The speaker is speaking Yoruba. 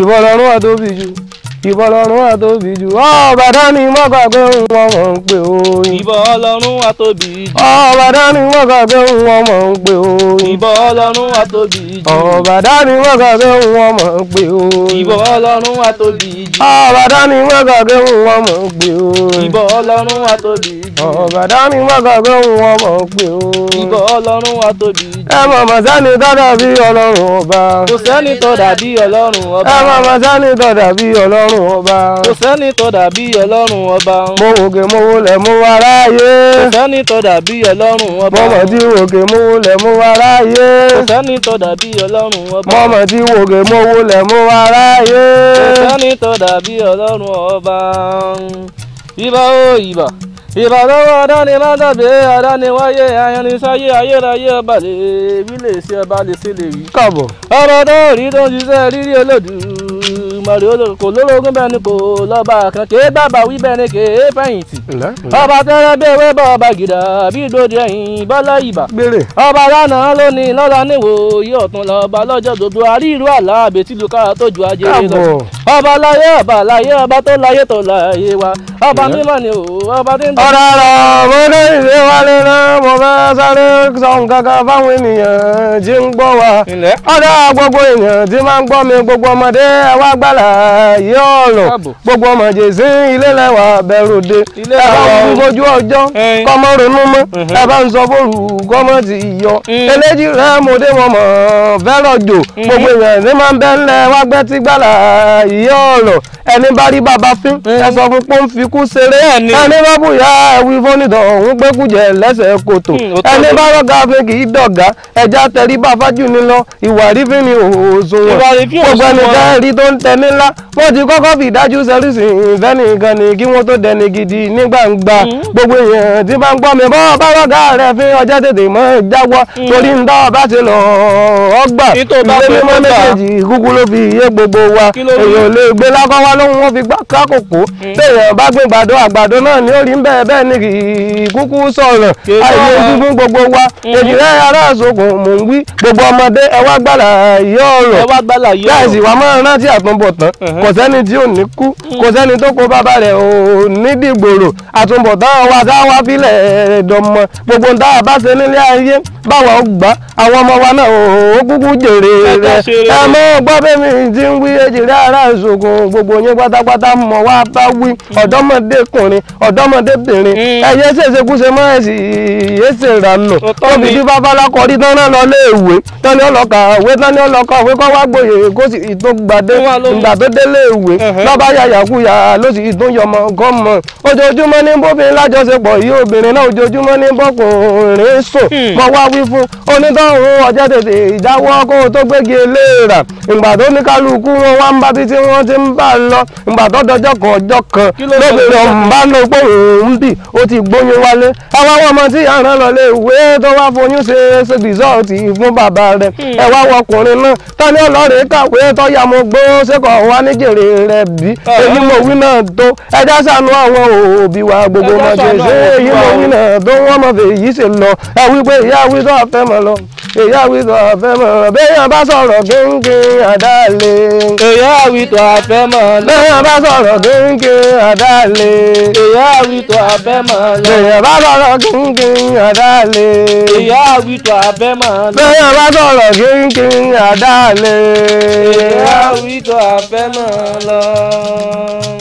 ìwọ lọ́rùn àdóbì jù ìbọn ọlọ́run àtòbí jù ọ̀bàdá mi mọ́gbà pé òun ọmọ ń pè oyin. ìbọn ọlọ́run àtòbí jù ọ̀bàdá mi mọ́gbà pé òun ọmọ ń pè oyin. ìbọn ọlọ́run àtòbí jù ọ̀bàdá mi mọ́gbà pé òun ọmọ ń pè oyin. ìbọn ọlọ́run àtòbí jù ọ̀bàdá mi mọ́gbà pé òun ọmọ ń pè oyin. ìbọn ọlọ́run àtòbí jù ọ̀bàdá mi mọ́gbà pé òun ọmọ ń pè oyin. ìbọn ọlọ́run àtòbí jù ẹ mọ̀ mọ̀ sẹ́ni tó dàbí ọlọ́run ọba. kò sẹ́ni tó dàbí ọlọ́run ọba. ẹ mọ̀ mọ̀ sẹ́ni tó dàbí ọlọ́run ọlọ́run ọba. kò sẹ́ni tó dàbí ọlọ́run ọba. mo mo mo wà ọba. tí mo wọlẹ̀ mo wà ráyé. kò sẹ́ni tó dàbí ọlọ́run ọba. mọ̀mọ́ tí wòkè mo wọlẹ̀ mo wà kò sẹ́ni tó dàbí ọlọ́run ọba. ọba lè ọba ọ̀rọ̀ rí tó ń Èdùmàrè olóró kò lórogún bẹ́ẹ̀ ni kò lọ́ba kan kì í bàbá wí bẹ́ẹ̀ kì í fẹ̀yìntì. ọba tẹ́lẹ̀ bí bọ́ ọba gìdá ọba dodo àrí ìlú àlá àbètí lu káà tó ju ajé ọba láyé ọba ọba tó láyé tó láyé wa ọba ni ọba tí ń ọ̀rọ̀ ọ̀rọ̀ mo ní ìwé wálé náà alààyè ọ̀rọ̀ gbogbo ọmọ jèsè ilé lẹ́wà bẹ̀rù dé ẹ bá ń gbójú ọjọ́ kọ́mọ ronú mọ́ mhm. ẹ bá ń sọ fóòrù kọ́mọ ti yọ mm. eléjì rẹ mo dé wọn jò mm-hmm. gbogbo èèyàn ní máa ń bẹ́ ńlẹ̀ wá gbẹ́ tí gbàlà yìí ọ̀rọ̀ ẹni bá rí bàbá fín ẹ sọ fún pé ó ń fi kú ṣeré ẹni bá bùyá ẹwí fónìdọ̀ ọ̀hún pé kújẹ lẹ́sẹ̀ kòtò hmm, ẹni bá rọ́gà fín kì í dọ̀gá ẹja tẹrí bá fájú ni lọ ìwà rí fín ni òòzùn wọn gbogbo ẹni jẹ́ rí tó ń tẹni ńlá wọ́n ti kọ́kọ́ fi ìdájú sẹ́rísì ìfẹ́ nìkan ni kí wọ́n tó dẹni gidi ní gbangba hmm. gbogbo èèyàn tí bá ń gbọ́ mi bọ́ bá rọ́gà rẹ̀ fín ọjọ́ tètè mọ́ jáwọ́ hmm. torí ń dá ọba ti lọ ọgbà ilé mímọ́ méjèèjì kúkú ló fi iye gbogbo wa èèyàn lè gbé lákọ́wá lóhun wọn fi gbá kákòkò eh. béèyàn bá gbìn gbàdó àgbàdo náà ni ó rí bẹ́ẹ̀ bẹ́ẹ̀ ni kúkú sọ̀rọ̀ àìyé dúdú gbogbo wa eh. èjìrẹ́ aráàsókun mò ń wí gbogbo ọmọdé ẹ wá gbàlà yí ọ̀rọ̀ bẹ́ẹ̀ sì wá máa rántí àtúbọ̀tán eh. kò sẹ́ni tí ò ní kú hmm. kò sẹ́ni tó kó bàbá rẹ̀ ò ní dìgbòrò àtúbọ̀tán wa sáwá fílẹ̀ a bá kejì jiri ara ìṣògo gbogbo yín pátápátá mọ wá bá wí ọ̀dọ́mọdékùnrin ọ̀dọ́mọdébìnrin ẹyẹ mm. ṣèṣekúṣe mọ ẹsì yéṣe ìrànà tóbi bí babalá kọrí tán náà lọ lé ìwé tán ni ọlọkà ìwé tán ni ọlọkà ìwé kọ́ wá gboyè kó sì ìgbà tó délé ìwé lọ́ba yàyàkúyà ló sì gọ́mọ ojoojúmọ́ ní bóbìnrin lájọṣepọ̀ yìí obìnrin náà ojoojúmọ́ ní bọ́kùnrin hmm. onítọ̀hún ọjọ́ tètè ìdáwọ́ kó o tó gbégi eléèrà ìgbà tó ní kálukú wọn wá ń bá bí tí ti ń bá lọ ìgbà tó dọjọ́ kan ọjọ́ kan lóbìnrin ọ̀hún bá lọ pé òun bì ó ti gbóyún wálé ẹwà wọn ọmọ tí àrùn náà lọlé ìwé tó wá foyún ṣe ṣe rìsọ́ọ̀tì fún bàbá rẹ̀ hmm. ẹwà ọkùnrin náà tani ọlọ́rẹ̀ kàwé tọ́yà mo gbó ṣẹ́kọ̀ wá ní jèrè rẹ̀ bí ah. èyí mo wí náà tó ẹja ṣàánú àwọn òbí wa gbogbo mọ̀ ṣe ṣe èyí mo wí náà tó wọ́n mọ̀ fèyí ṣe lọ ẹ wí pé ìyá wí tó àfẹ́ mọ̀ lọ èyí àwítọ̀ àfẹ́mọ̀ béèyàn bá sọ̀rọ̀ gíngín àdáàlè. èyí àwítọ̀ àfẹ́mọ̀ béèyàn bá sọ̀rọ̀ gíngín àdáàlè. èyí àwítọ̀ àfẹ́mọ̀ béèyàn bá sọ̀rọ̀ gíngín àdáàlè. èyí àwítọ̀ àfẹ́mọ̀ béèyàn bá sọ̀rọ̀ gíngín àdáàlè. èyí àwítọ̀ àfẹ́mọ̀ lọ.